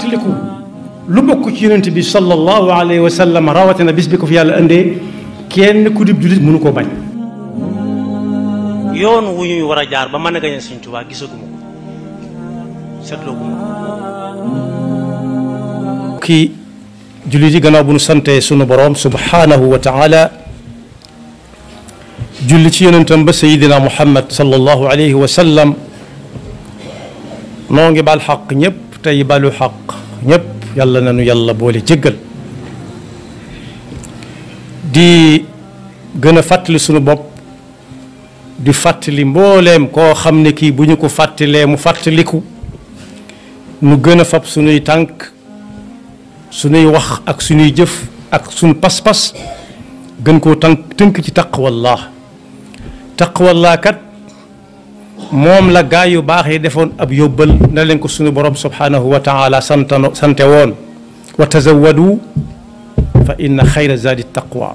tiliku lu bokk ci yonent bi sallallahu alayhi wa sallam ko fi yàlla indee kenn ku dib jullit mënu koo bu nu sunu boroom subhaanahu wa taala julli ci yonentam ba Muhammad sallallahu alayhi wa sallam noo ngi baal xaq تي بالو حق نيب يلا نانو يلا بولي جيغل دي گنا فاتلي سونو بوب دي فاتلي مبولم كو خامني كي بو نيكو فاتلي مو فاتليكو نو گنا فاب سونو تانك سونو واخ اك سونو جيف اك سونو باس باس گن كو تانك تنك تي تقوى الله تقوى الله كات موم لا غايو باخي ديفون اب يوبل نالنكو سونو بروم سبحانه وتعالى سنتو سنتوون وتزودوا فان خير زاد التقوى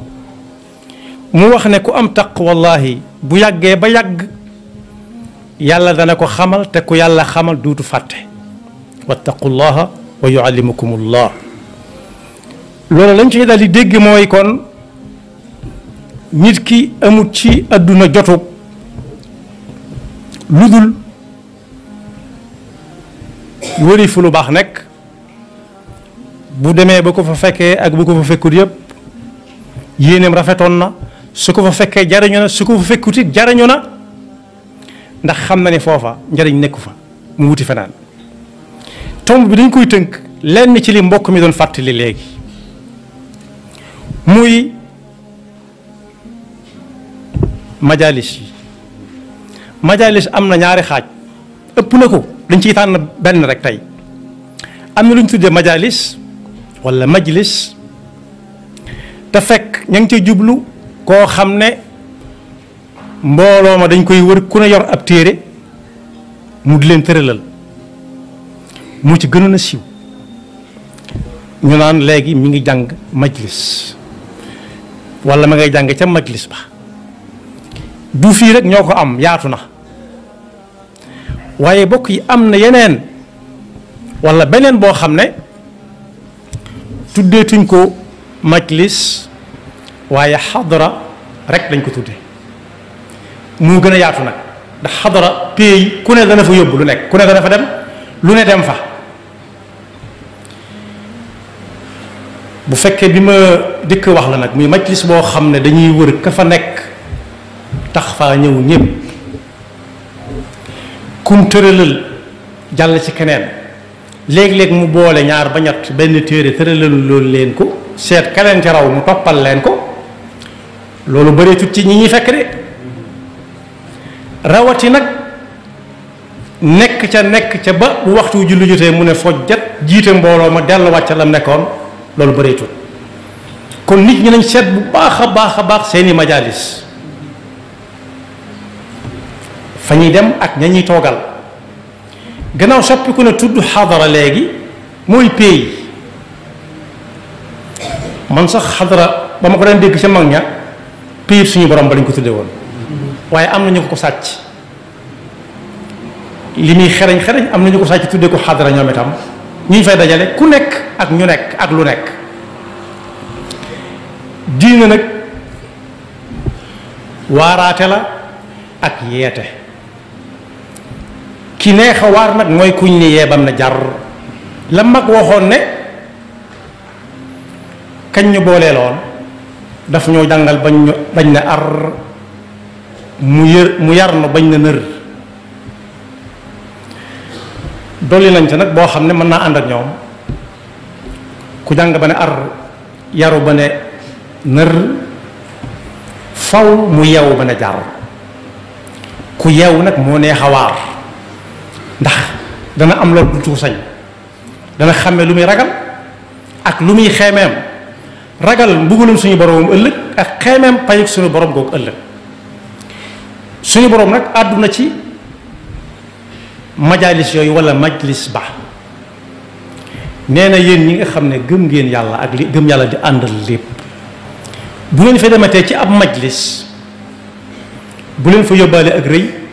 مو واخني كو ام تقوى الله بو ياغي با ياغ يالا دانكو خمال تكو يالا خمال دوتو فاتي واتقوا الله ويعلمكم الله لولا لنجي دالي ديغ موي كون نيت كي اموت شي ادونا جوتو lu dul wëri fu lu baax nekk bu demee ba ko fa fekkee ak bu ko fa fekkut yëpp yéeneem rafetoon na su ko fa fekkee jariñu na su ko fa fekkut it jariñu na ndax xam na ne foofa njariñ nekku fa mu wuti fanaan tomb bi dañ koy tënk lenn ci li mbokk mi doon fàttali léegi muy majalis majalis am na ñaari xaaj ëpp na ko dañ ci tànn benn rek tey am na lu ñu tuddee majalis wala majlis te fekk ña ngi cay jublu koo xam ne mbooloo ma dañ koy wër ku ne yor ab téere mu di leen tëralal mu ci gënoon a siiw ñu naan léegi mu ngi jàng majlis wala ma ngay jàng ca majlis ba du fii rek ñoo ko am yaatu na waaye bokk yi am na yeneen wala beneen boo xam ne tuddeetuñ ko majlis waaye xadara rek lañ ko tudde mu gën a yaatu nag ndax xadara pays ku ne dana fa yóbbu lu nekk ku ne dana fa dem lu ne dem fa bu fekkee bi ma dikk wax la nag muy majlis boo xam ne dañuy wër ka fa nekk tax faa ñëw ñépp kum tëralal jàll ci keneen léeg-léeg mu boole ñaar ba ñett benn téere tëralalu loolu leen ko seet keneen ci raw mu toppal leen ko loolu bëreetut ci ñi ñuy fekk de rawati nag nekk ca nekk ca ba bu waxtu julli jotee mu ne fojjat jiite mbooloo ma delluwaat ca lam nekkoon loolu bëreetut kon nit ñi nañ seet bu baax a baax a baax seeni majaalis fa ñuy dem ak ña ñuy toogal gannaaw soppiku na tudd xadara léegi mooy pays man sax xadara ba ma ko daan dégg ca mag ña pays suñu borom ba lañ ko tudde woon waaye am na ñu ko sàcc li muy xereñ xereñ am na ñu ko sàcc tudde ko xadara ñoom itam ñu fay dajale ku nekk ak ñu nekk ak lu nekk diina nag waaraate la ak yeete ki neex a waar nag mooy kuñ ni yeebam na jar la mag waxoon ne kañ ñu booleeloon daf ñoo jàngal bañ ñu na ar mu yër mu yar na bañ na nër dolli nañ ca nag boo xam ne mën naa ànd ak ñoom ku jàng ba ne ar yaru ba ne nër faw mu yeewu ba ne jar ku yeewu nag moo neex a waar ndax dana am loolu du sañ dana xàmme lu muy ragal ak lu muy xeemeem ragal mbugalum suñu borom ëllëg ak xeemeem payuk suñu borom googu ëllëg suñu borom nag àdduna ci majalis yooyu wala majlis ba nee na yéen ñi nga xam ne gëm ngeen yàlla ak li gëm yàlla di àndal lépp bu ngeen fa dematee ci ab majlis bu leen fa yóbbaale ak rëy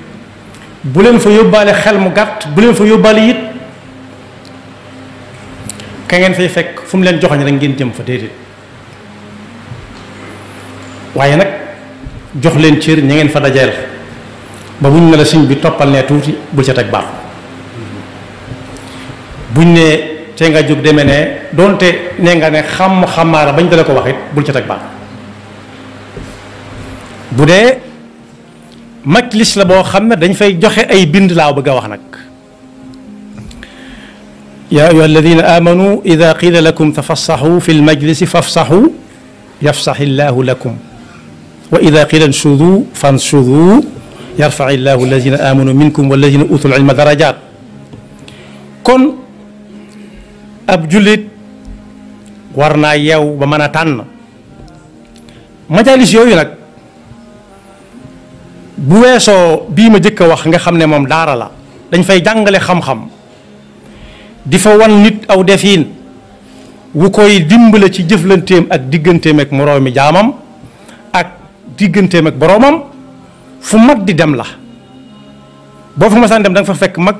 bu leen fa yóbbaale xel mu gàtt bu leen fa yóbbaale it ka ngeen fay fekk fu mu leen joxoñ rek ngeen jëm fa déedéet waaye nag jox leen cër ña ngeen fa dajeel ba buñ ne la sëñ bi toppal ne tuuti bu ca teg baax buñ ne te nga jóg deme ne doonte ne nga ne xam xamaara bañ dala ko wax bul ca teg baax bu dee مجلس لبو خمنا دنج فاي جوخي اي بند لاو بغا يا ايها الذين امنوا اذا قيل لكم تفصحوا في المجلس فافصحوا يفصح الله لكم واذا قيل انشذوا فانشذوا يرفع الله الذين امنوا منكم والذين اوتوا العلم درجات كن اب جوليت ورنا ياو بمانا تان مجالس يوي bu weesoo bii ma jëkk a wax nga xam ne moom daara la dañ fay jàngale xam-xam di fa wan nit aw defiin wu koy dimbale ci jëflanteem ak digganteem ak moroomi jaamam ak digganteem ak boroomam fu mag di dem la boo fa masaan dem da fa fekk mag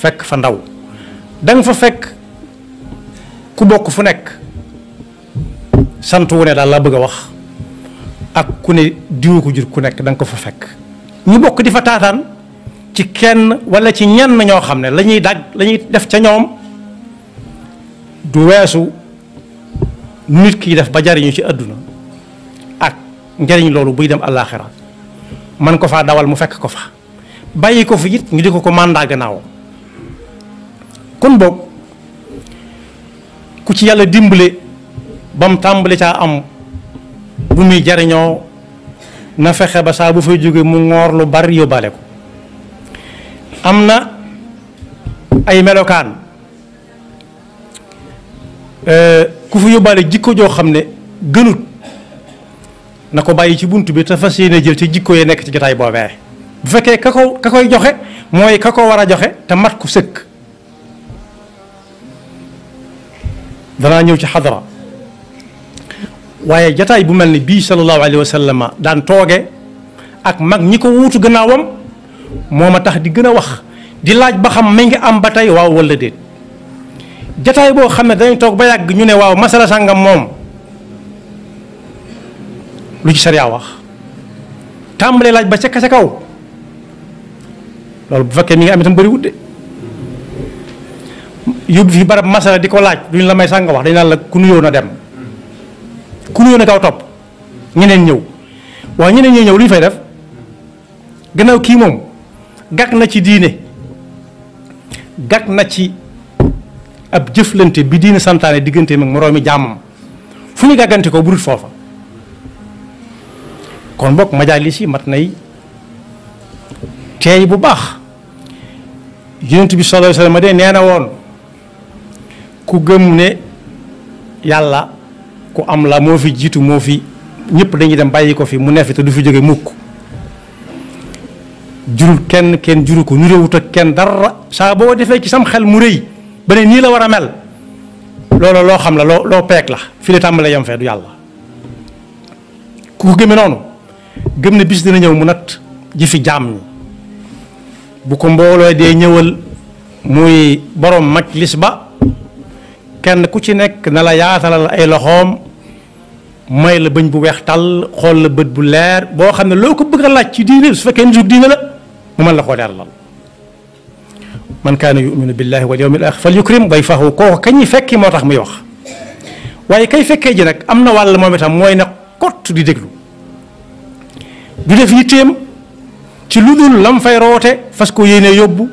fekk fa ndaw da fa fekk ku bokk fu nekk sant wu ne daal laa bëgg a wax ak ku ne diwa ko jur ku nekk da ko fa fekk ñu bokk di fa taataan ci kenn walla ci ñenn ñoo xam ne lañuy ñuy dagg la def ca ñoom du weesu nit kiy def ba jariñu ci àdduna ak njariñ loolu buy dem àllaaxira man ko faa dawal mu fekk ko fa bàyyi ko fi it ñu di ko ko mandat gannaaw boog ku ci yàlla dimbale ba mu tàmbali caa am bumi muy na fexe ba sa bu fay jóge mu ngor lu bari yóbbaale ko amna ay melokan euh ku fu yobalé jikko jo xamné gënut nako bàyyi ci buntu bi ta fas jël ci jikko ye nek ci jotaay bobé bu fekkee kako ko joxe moy kako wara joxe ta mat ku seuk danaa ñëw ci hadra waaye jataay bu mel ni bii sallallahu alayhi wa sallam daan tooge ak mag ñi ko wuutu gannaawam moom a tax di gën a wax di laaj ba xam mi ngi am ba tey waaw wala déet jataay boo xam ne dañ toog ba yàgg ñu ne waaw masala sàngam moom lu ci sariya wax tàmbalee laaj ba ca ca kaw loolu bu fekkee mi ngi am itam bëriwut de yóbbu fi barab masala di ko laaj duñ la may sànga wax dañ naan la ku nuyoo na dem ku ñëw na topp ñeneen ñëw waaye ñeneen ñoo ñëw lu ñu fay def gannaaw kii moom gàkk na ci diine gàkk na ci ab jëflante bi diine santaane diggante mag moroomi jàmmam fu ñu gàggante ko bu dul foofa kon bokk majaalis yi mat nay teey bu baax yonent bi sallallahu ma wa sallam nee na woon ku gëm ne yàlla ku am la mo fi jitu mo fi ñepp dañuy dem bayiko fi mu ne fi te du fi joge mukk jurul kenn kenn juru ko nuréewut ak kenn dara sa bo defé ci sam xel mu rëy bané ni la wara mel lolo lo xam la lo lo peeg la fi le tambalé yam fé du yalla ku ko gëmee gëm bis dina ñew mu nat ji fi jaam bu ko mbolo dé ñewal muy borom ba kenn ku ci nekk na la yaatalal ay loxoom may la bëñ bu weex tàll xool la bët bu leer boo xam ne loo ko bëgg a laaj ci diine su fekkee nit diine la mu mën la koo leeralal man kaana yuminu billahi wal yawmil axir fal yukrim dayfahu kooku kañuy fekki moo tax muy wax waaye kay fekkee ji nag am na wàll moom itam mooy ne kott di déglu du def yitteem ci lu dul lam fay roote fas ko yéene yóbbu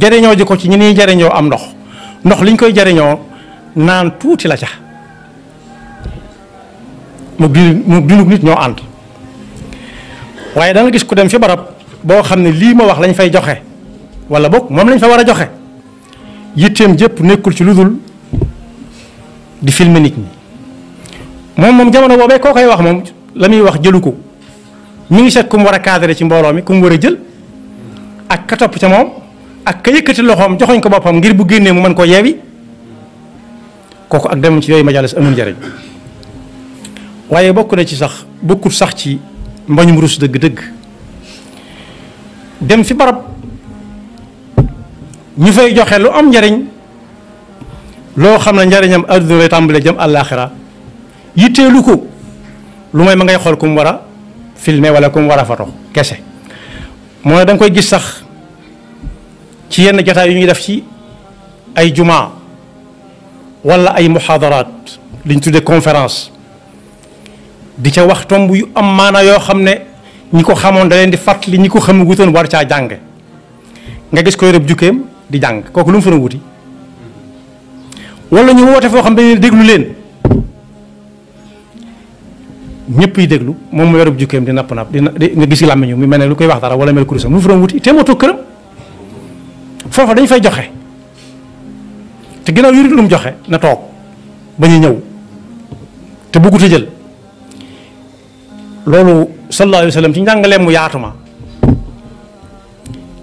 jariñoo ji ko ci ñi ñuy jariñoo am ndox ndox liñ koy jariñoo naan tuuti la ca mu biir mu binug nit ñoo ànd waaye danga gis ku dem fi barab boo xam ne lii ma wax lañ fay joxe wala boog moom lañ fa war a joxe yitteem jëpp nekkul ci lu dul di filmer nit ñi moom moom jamono boobee koo koy wax moom la muy wax jëlu ko mu ngi seet ku mu war a cadré ci mbooloo mi ku war a jël ak ka topp ca moom ak ka yëkkati loxoom joxoñ ko boppam ngir bu génnee mu mën ko yeewi kooku ak demam ci yooyu majalis amul njariñ waaye bokk na ci sax bokkul sax ci mbañum rus dëgg-dëgg dem fi barab ñu fay joxe lu am njariñ loo xam ne njariñam àdduna lay tàmbalee jëm àllaaxira yitteelu ko lu may ma ngay xool ku mu war a filmer wala ku war a foto kese moo ne danga koy gis sax ci yenn jataay yu ñuy def ci ay jumaa wala أي muxaadaraat li ñu tuddee conférence di ca wax tomb yu am maana yoo xam ne ñi ko xamoon da leen di fàttali ñi ko xam wutoon war caa nga gis ko yërëb jukkeem di jàng kooku lu mu fa wuti wala ñu woote foo xam ne déglu leen ñëpp yi déglu moom mu yërëb jukkeem di napp napp di nga gis làmmiñu mu mel ne lu koy wax dara wala mel kurusam mu fa wuti te moo toog foofa dañ fay joxe te ginnaaw yurut lu mu joxe na toog ba ñu ñëw te bëggut a jël loolu sallallahu alayhi wa sallam ci njàngaleem mu yaatuma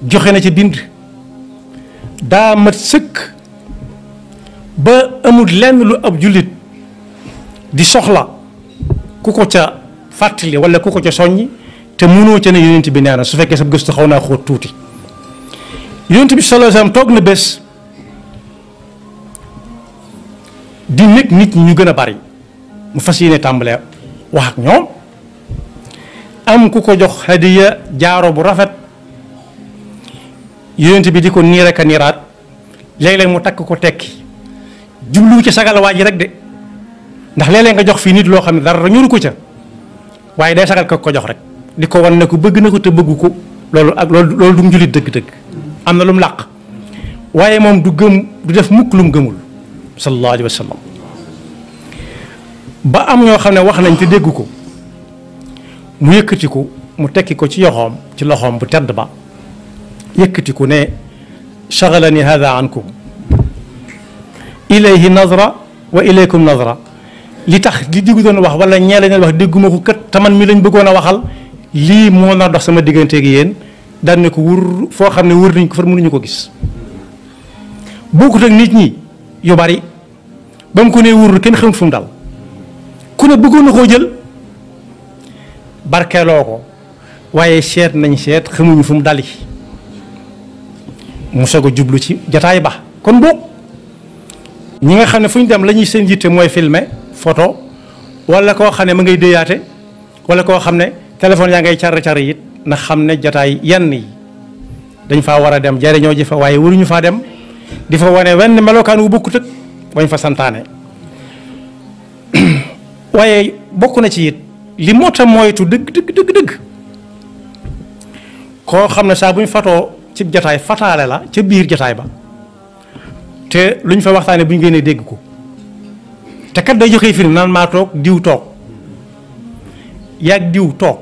joxe na ci bind daa mat sëkk ba amul lenn lu ab jullit di soxla ku ko ca fàttali wala ku ko ca soññi te mënoo ca ne yonent bi nee na su fekkee sa gëstu xaw naa xóot tuuti yonent bi sallallahu alayhi toog na bés di nek nit ñu gëna bari mu fasiyene tambalé wax ak ñom am ku ko jox hadiya jaaro bu rafet yonent bi diko ni rek ak a niiraat mu tak ko tekki jublu ci sagal waji rek de ndax léeg-léeg nga jox fi nit lo xamni dara ñuru ko ca waye day sagal ko ko jox rek di won ne ko bëgg na ko te bëgg ko lolu ak lolu lolu du julit deug lu mu du gëm du def mukk lu gëmul sallallahu alayhi wa sallam ba am ñoo xam ne wax nañ te dégg ko mu yëkkati ko mu tekki ko ci yoxoom ci loxoom bu tedd ba yëkkati ko ne shagalani hada ankum ilayhi nazra wa ilaykum nazra li tax li diggu doon wax wala ñee lañ wax dégguma ko kat taman mi lañ bëggoon a waxal lii moo na dox sama diggante gi yéen daan ne ko wur foo xam ne wër nañ ko far mënuñu ko gis bokkut ak nit ñi yu bari ba mu ko nee kenn xamut fu mu dal ku ne bëggoon na koo jël barkeeloo ko waaye seet nañ seet xamuñu fu mu dali mu soog a jublu ci jataay ba kon boog ñi nga xam ne fu ñu dem lañuy ñuy seen yitte mooy filme photo walla koo xam ne ma ngay déyaate wala koo xam ne téléphone yaa ngay car car it na xam ne jataay yenn yi dañ faa war a dem jariñoo ji fa waaye waruñu faa dem di fa wane wenn melokaan wu bokkut ak wañ fa santaane waaye bokk na ci it li moo ta moytu dëgg dëgg dëgg dëgg koo xam ne saa bu ñu fatoo ci jataay fataale la ca biir jataay ba te lu ñu fa waxtaane bu ñu génnee dégg ko te kat day joxe firnde naan maa toog diw toog yaag diw toog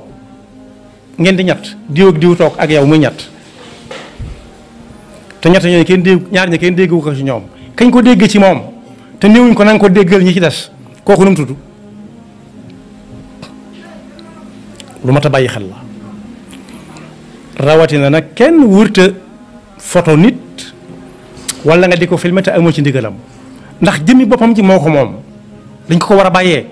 ngeen di ñett diw ak diw toog ak yow muy ñett te ñett ñooyu kenn dégg ñaar ñi kenn déggu ko ci ñoom kañ ko dégg ci moom te néewuñ ko na ko déggal ñi ci des kooku nu mu tudd lu mat a bàyyi xel la rawatina nag kenn wurta photo nit walla nga di ko filmer te amoo ci ndigalam ndax jëmmi boppam ci moo ko moom dañ ko ko war a bàyyee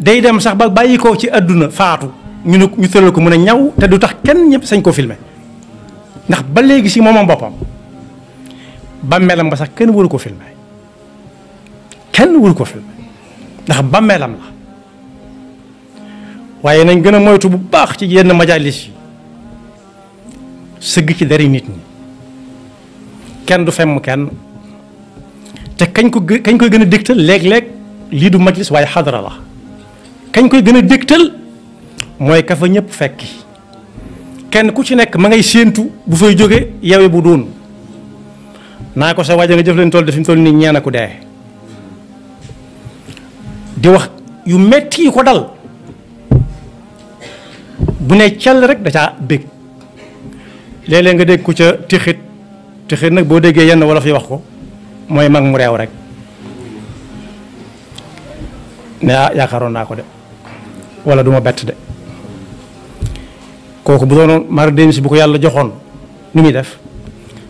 day dem sax ba bàyyi ko ci àdduna faatu ñu ne ñu tëral ko mën a ñaw te du tax kenn ñëpp sañ ko filme ndax ba léegi si moomam boppam bàmmeelam ba sax kenn waru ko filmé kenn waru ko filmé ndax bàmmeelam la waaye nañ gën a moytu bu baax ci yenn majalis yi sëgg ci dari nit ñi kenn du femm kenn te kañ ko kañ koy gën a dégtal léeg-léeg lii du majlis waaye xadara la kañ koy gën a dégtal mooy ka fa ñëpp fekki kenn ku ci nekk ma ngay séentu bu fay jóge yawe bu doon naa ko sa waaja nga jëf leen toll de fi mu toll nii ñeena ku dee di wax yu metti yi ko dal bu ne cell rek da caa bég léeg nga dégg ku ca tixit tixit nag boo déggee yenn wolof yi wax ko mooy mag mu réew rek ne ah, yaakaaroon naa ko de walla duma bett de kooku bu doonoon mara démb si bu ko yàlla joxoon ni muy def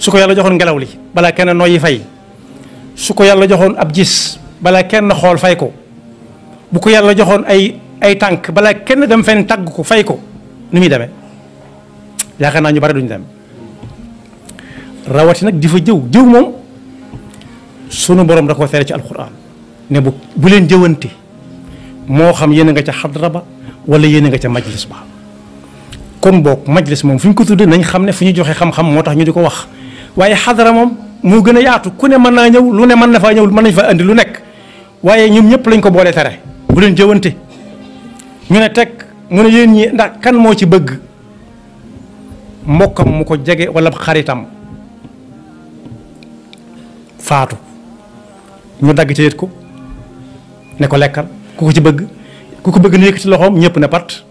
su ko yàlla joxoon ngelaw li balaa kenn noyyi fay su ko yàlla joxoon ab jis balaa kenn xool fay ko bu ko yàlla joxoon ay ay tànk balaa kenn dem fenn tàgg ko fay ko nu muy demee yaakaar naa ñu bari duñu dem rawati nag di fa jëw jëw moom sunu borom da koo tere ci alquran ne bu bu leen jëwante moo xam yéen a nga ca xadra ba wala yéen nga ca majlis ba kon boog majlis moom fu ñu ko tuddee nañ xam ne fu ñu joxe xam-xam moo tax ñu di ko wax waaye xadara moom moo gën a yaatu ku ne mën naa ñëw lu ne mën na faa ñëw mën nañ fa andi lu nekk waaye ñoom ñëpp lañ ko boole tere bu leen jëwante ñu ne teg mu ne yéen ñi ndax kan moo ci bëgg mbokkam mu ko jege walla xaritam faatu ñu dagg ci yët ko ne ko lekkal ku ko ci bëgg ku ko bëgg ne yëkkati loxoom ñëpp ne pat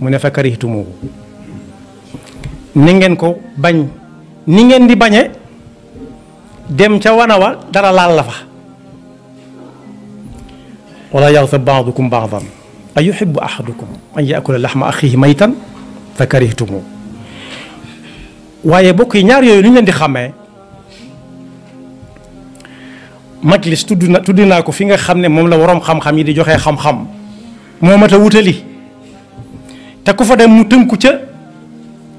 mu ne fa karihitumoowu ni ngeen ko bañ ni ngeen di bañé dem ca wanawa dara laal la fa wala yaghtab ba'dukum ay yuhibbu ahadukum an ya'kula lahma akhihi maytan fakarihtumu waaye bokk yi ñaar yooyu ñu ngeen di xamé majlis tuduna na ko fi nga xamné mom la worom xam-xam yi di joxé xam-xam momata wutali ku fa dem mu tënku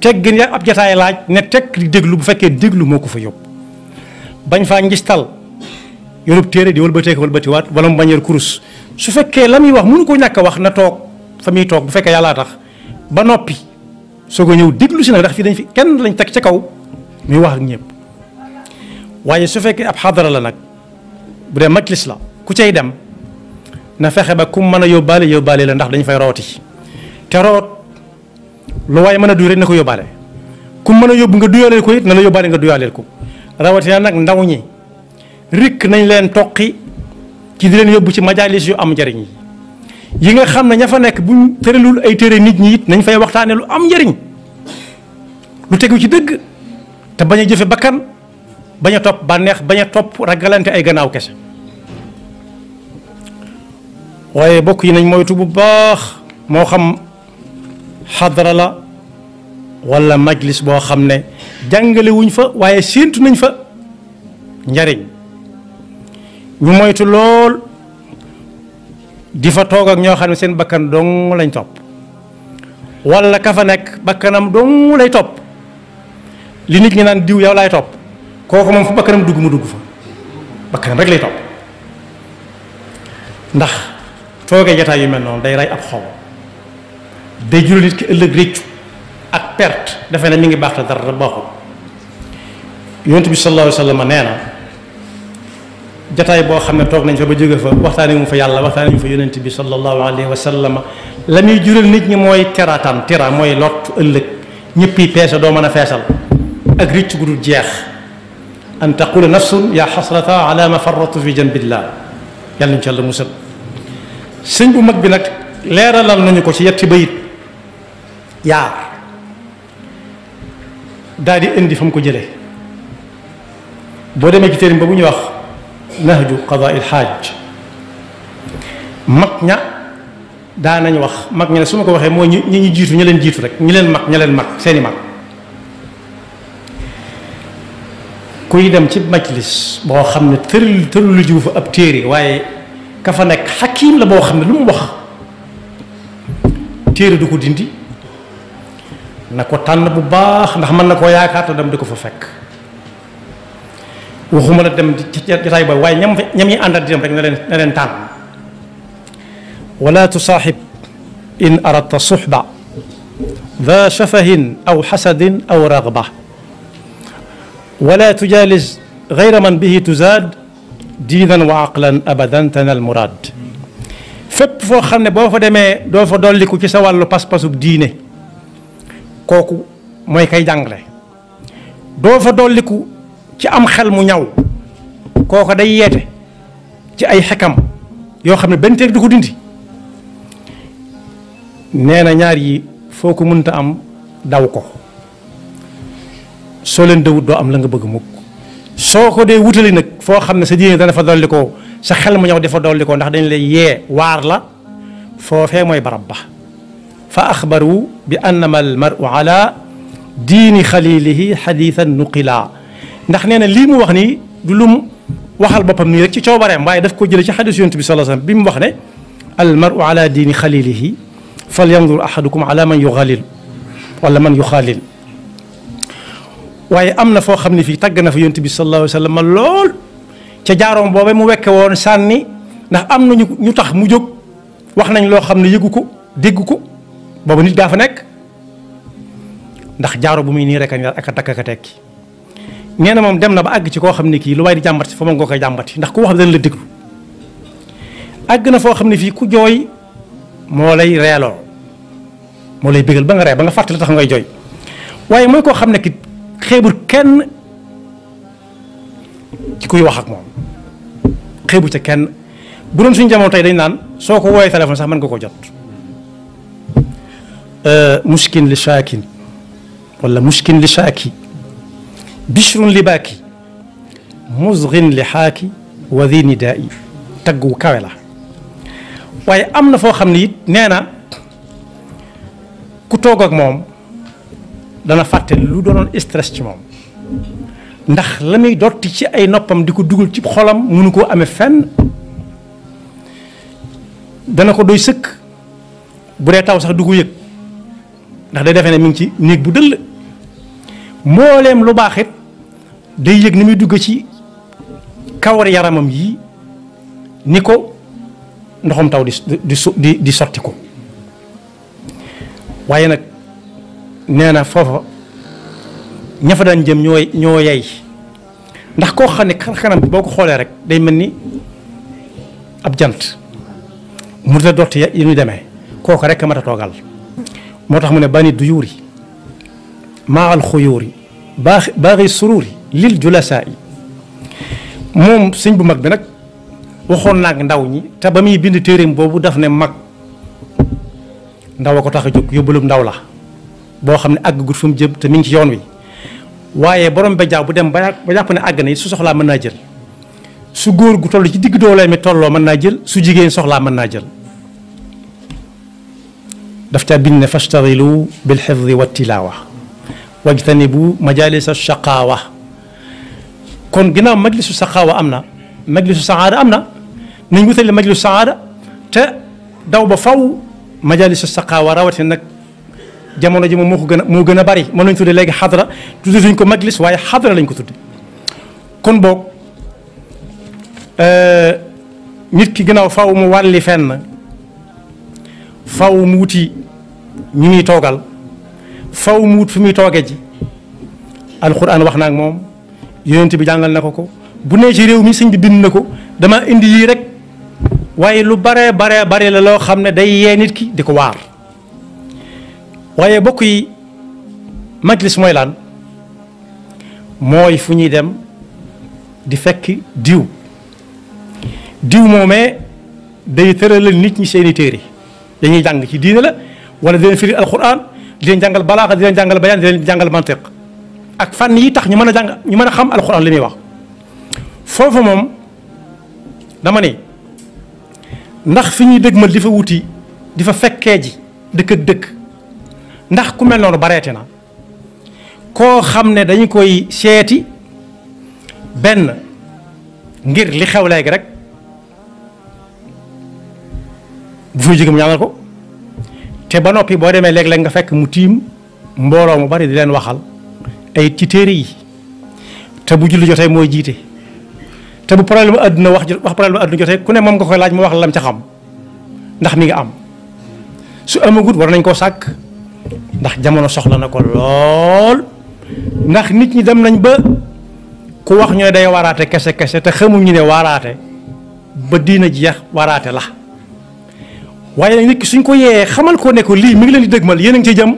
teggin ya ab jataay laaj ne teg di déglu bu fekkee déglu moo ko fa yóbbu bañ faa ngistal yorub téere di wëlbatee ko wëlbatiwaat wala mu bañ yor kurus su fekkee la muy wax mënu ko ñàkk a wax na toog fa muy toog bu fekkee yàllaa tax ba noppi soo ko ñëw déglu si nag ndax fii dañ fi kenn lañ teg ci kaw muy wax ak ñëpp waaye su fekkee ab xadara la nag bu dee majlis la ku cay dem na fexe ba ku mën a yóbbaale yóbbaale la ndax dañ fay rooti te root lu waaye mën a duy rek na ko yóbbaale ku mën a yóbbu nga duyaaleel ko it na la yóbbaale nga duyaaleel ko rawatina nag ndaw ñi rikk nañ leen toqi ci di leen yóbbu ci majaalis yu am njariñ yi yi nga xam ne ña fa nekk bu buñ tëralul ay téere nit ñi it nañ fay waxtaanee lu am njariñ lu tegu ci dëgg te bañ a jëfe bakkan bañ a topp bànneex bañ a topp ragalante ay gannaaw kese waaye bokk yi nañ moytu bu baax moo xam xadara la wala majlis boo xam ne jàngalewuñ fa waaye séentu nañ fa njariñ ñu moytu lool di fa toog ak ñoo xam ne seen bakkan dong lañ topp wala ka fa nekk bakkanam dong lay topp li nit ñi naan diw yow laay topp kooku moom fu bakkanam dugg mu dugg fa bakkanam rek lay topp ndax toogee jataay yu mel noonu day rey ab xol day jural nit ki ëllëg réccu ak perte dafa ne mi ngi baxta dar dara baaxul yonent bi sallallahu alayhi wasallam neena jotaay bo xamne tok nañ fa ba jóge fa waxtaanee mu fa yàlla waxtaanee mu fa yunus bi sallallahu alayhi wasallam lamuy la jural nit ñi moy teraataan tera moy lot ëlëk ñëpp pesa do mëna fessal ak ricc gu dul jeex an taqulu nafsun ya hasrata ala ma farratu fi janbillah yàlla ñu ci yàlla musal sëñ bu mag bi nak leralal nañu ko ci yetti bayit yaa daal indi fa mu ko jëlee boo demee ci térim ba bu ñuy wax nahju qadail xaaj mag ña daa nañ wax mag ña ne su ma ko waxee mooy ñi ñi ñu jiitu ña leen jiitu rek ñi leen mag ña seeni mag kuy dem ci majlis boo xam ne tëral tëralu jiw ab téere waaye ka fa nekk xakiim la boo xam lu mu wax téere du ko dindi nako tan bu baax ndax man nako koo yaakaar te dem di fa fekk waxuma la dem ci jotaay ba way ñam ñam ñi àndal di dem rek na len na leen tànn wala tusahib in aradta suxba ذا شفه أو حسد أو رغبة ولا تجالس غير من به تزاد دينا وعقلا أبدا تنال المراد fépp foo xam ne boo fa demee doo fa dolliku ci sa wàllu pas-pasub diine kooku mooy kay jàngale doo fa dolliku ci am xel mu ñaw kooku day yeete ci ay xekkam yoo xam ne benn teeg du ko dindi nee na ñaar yi foo ko mënta am daw ko soo leen dawut doo am la nga bëgg mukk soo ko dee wutali nag foo xam ne sa diine dana fa dolli sa xel mu ñëw dafa dolli ko ndax dañ lay yee waar la foofee mooy barab ba فأخبروا بأنما المرء على دين خليله حديثا نقلا نحن أنا لي مو وخني دلهم وحال بابا ميرك تي تشو بارم باي داف كو جيلي تي حديث يونتبي صلى الله عليه وسلم بيم وخني المرء على دين خليله فلينظر احدكم على من يغالل ولا من يخالل واي امنا فو خمني في تاغنا في يونتبي صلى الله عليه وسلم لول تي جاروم بوبي مو وكي وون ساني نا امنا ني نيو تخ مو جوك وخنا لو خمني ييغوكو ديغوكو boobu nit gaa fa nekk ndax jaaro bu muy nii rek a takk ak a tekki nee na moom dem na ba àgg ci koo xam ne kii lu waay di jàmbat fa moom nga koy jàmbati ndax ku wax dana la déglu àgg na foo xam ne fii ku jooy moo lay moo lay bégal ba nga ree ba nga fàttali tax ngay jooy waaye mooy koo xam ne ki xeebul kenn ci kuy wax ak moom xeebu ca kenn bu doon suñu jamoo tey dañ naan soo ko woowee téléphone sax mën nga ko jot آه، مشكين لشاكين ولا مشكين لشاكي بشر لباكي مزغ لحاكي وذي ندائي تقو كاملة واي امنا فو خمني نانا كتوغك موم دانا فاتل لو دونان استرس موم ndax lamuy dotti ci ay noppam di ko dugal ci xolam munu ko amé fenn dana doy sëkk bu taw sax dugu yëg ndax day defe ne mi ngi ci néeg bu dëll mbooleem lu baax day yëg ni muy dugg ci kawar yaramam yi ni ko ndoxum taw di di di sotti ko waaye nag nee na foofa ñafa fa daan jëm ñoo ñoo yay ndax koo xam ne xar bi boo ko xoolee rek day mel ni ab jant mu da dott yi ñu demee kooku rek a mat a toogal motax mu ne bani duyuri, ma al khuyuri baghi sururi, lil julasai. mom moom bu mag bi nag waxon nak ndaw ñi ta ba bind terem bobu daf ne mag ndaw ko tax juk yobulum ndaw la bo xamne ag gut fu jëm te mi ngi ci yoon wi waye borom be jaw bu dem ba japp ne ag ne su soxla meuna jël su góor gu tollu ci digg doolee mi tollo meuna jël su jigeen soxla meuna jël daf caa bind ne fastaghilu bil hifzi wa tilaawa wajtanibu majalisa shaqaawa kon ginnaaw majlisu shaqaawa am na majlisu saada am na nañ wutale majlisu saada te daw ba faw majalisu shaqaawa rawatina nag jamono ji moom moo ko gën a moo gën a bari mën nañ tudde léegi xadra tudde suñ ko majlis waaye xadra lañ ko tudde kon boog nit ki ginnaaw faw mu wàlli fenn faw mu wuti ñi ngi toogal faw mu wut fi muy toogee ji alxuraan wax na ak moom yonent bi jàngal na ko ko bu ci réew mi sëñ bi bind na ko dama indi yii rek waaye lu baree baree bare la loo xam ne day yee nit ki di ko waar waaye bokk yi majlis mooy lan mooy fu ñuy dem di fekk diw diw moomee day tëralal nit ñi seeni téere dañuy jàng ci diina la ولا دين في القران دين جانغال بلاغ دين جانغال بيان دين جانغال منطق اك فان يي تخ ني مانا جانغ ني مانا خام القران لي واخ فوفو موم داما ني ناخ في ني دغمل ديفا ووتي ديفا فكيه جي دك دك ناخ كو مل نون باريتينا كو خام ني داني كوي سيتي بن غير لي خاولاي رك بو جيغم نيامال كو te ba noppi boo demee léeg-léeg nga fekk mu tiim mbooloo mu bari di leen waxal ay ci téere yi te bu julli jotee mooy jiite te bu problème àdduna wax wax problème àdduna jotee ku ne moom nga koy laaj mu wax lam ca xam ndax mi ngi am su amagut war nañ koo sàkk ndax jamono soxla na ko lool ndax nit ñi dem nañ ba ku wax ñoo ne waraate kese kese te xamuñu ne waraate ba diina jeex waraate la waye nit suñ ko yee xamal ko ne ko lii mi ngi leen di dëgmal yéen a ngi ciy jëm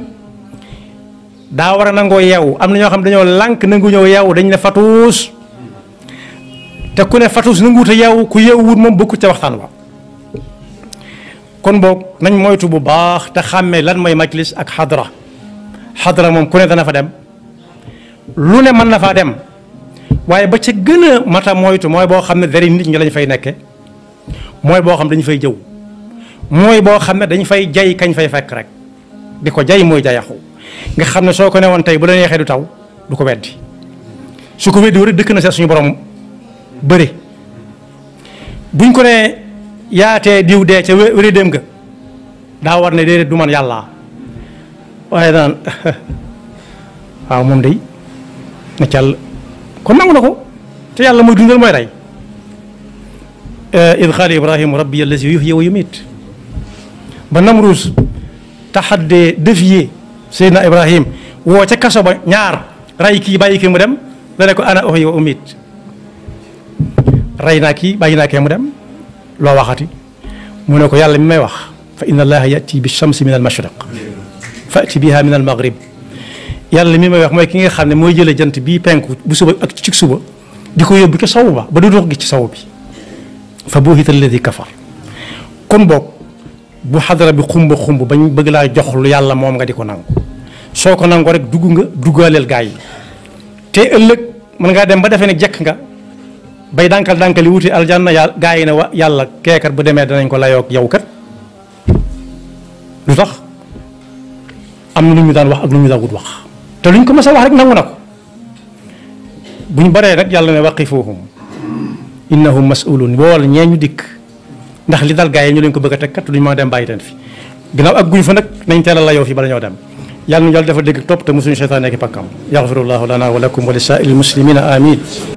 da wara a nangoo yeewu am na ño xam dañoo lànk nangu ñëw yeewu dañ la fatous te ku ne fatuus nanguwut ta yeewu ku yew wut mom bokku ci waxtan ba kon bok nañ moytu bu baax te xamé lan moy majlis ak hadra hadra mom ku ne dana fa dem lu ne man na fa dem waye ba ci gëna mata moytu moy bo xamné dari nit ñi lañ fay nekke moy bo xam dañ fay jëw mooy boo xam ne dañ fay jay kañ fay fekk rek di ko jay mooy jayaxu nga xam ne soo ko newoon tey bu la neexee du taw du ko weddi su ko weddi war dëkk na seet suñu borom bëri buñ ko nee yaatee diw dee ca wéri dem nga daa war ne déedéet du man yàlla waaye daan waaw moom day na càll kon nangu na ko te yàlla mooy dundal mooy rey eh, id xaala ibrahima rabbi allazi yuhyi wa yumiit بنمروز تحد دفي سيدنا ابراهيم وواتي كاسو نيار رايكي بايكي مدم لاكو انا اوهي اوميت رايناكي بايناكي مدم لو واخاتي مونوكو يالا مي واخ فان الله ياتي بالشمس من المشرق فاتي بها من المغرب يالا مي مي واخ موي كيغي خاامني موي جيل جانت بي بينكو بو سوبا اك تشيك سوبا ديكو يوبو كي سوبا با دودو خي تشي سوبي فبوهت الذي كفر كون بوك bu xadara bi xumba xumb bañ bëgg laa jox lu yàlla moom nga di ko nangu soo ko nangu rek dugg nga duggaaleel gaay te ëllëg mën ngaa dem ba defee ne jekk nga bay dànkal dànkali wuti aljanna yàlla gaa yi ne yàlla keekat bu demee danañ ko layoog yow kat lu tax am na lu ñu daan wax ak lu ñu daan wut wax te luñ ko mës a wax rek nangu na ko buñ baree rek yàlla ne waqifuhum innahum mas'ulun wool ñee ñu dikk ndax li dal gars yi ñu leen ko bëgg a teg kat duñu mën a dem bàyyi leen fi ginnaaw ak guñ fa nag nañ teel a layoo fi bala ñoo dem yàlla nu yàlla dafa dégg topp te mosuñu seytaan nekk pakkam yaxfirullahu lana wa lakum wa li saa'iril muslimina amin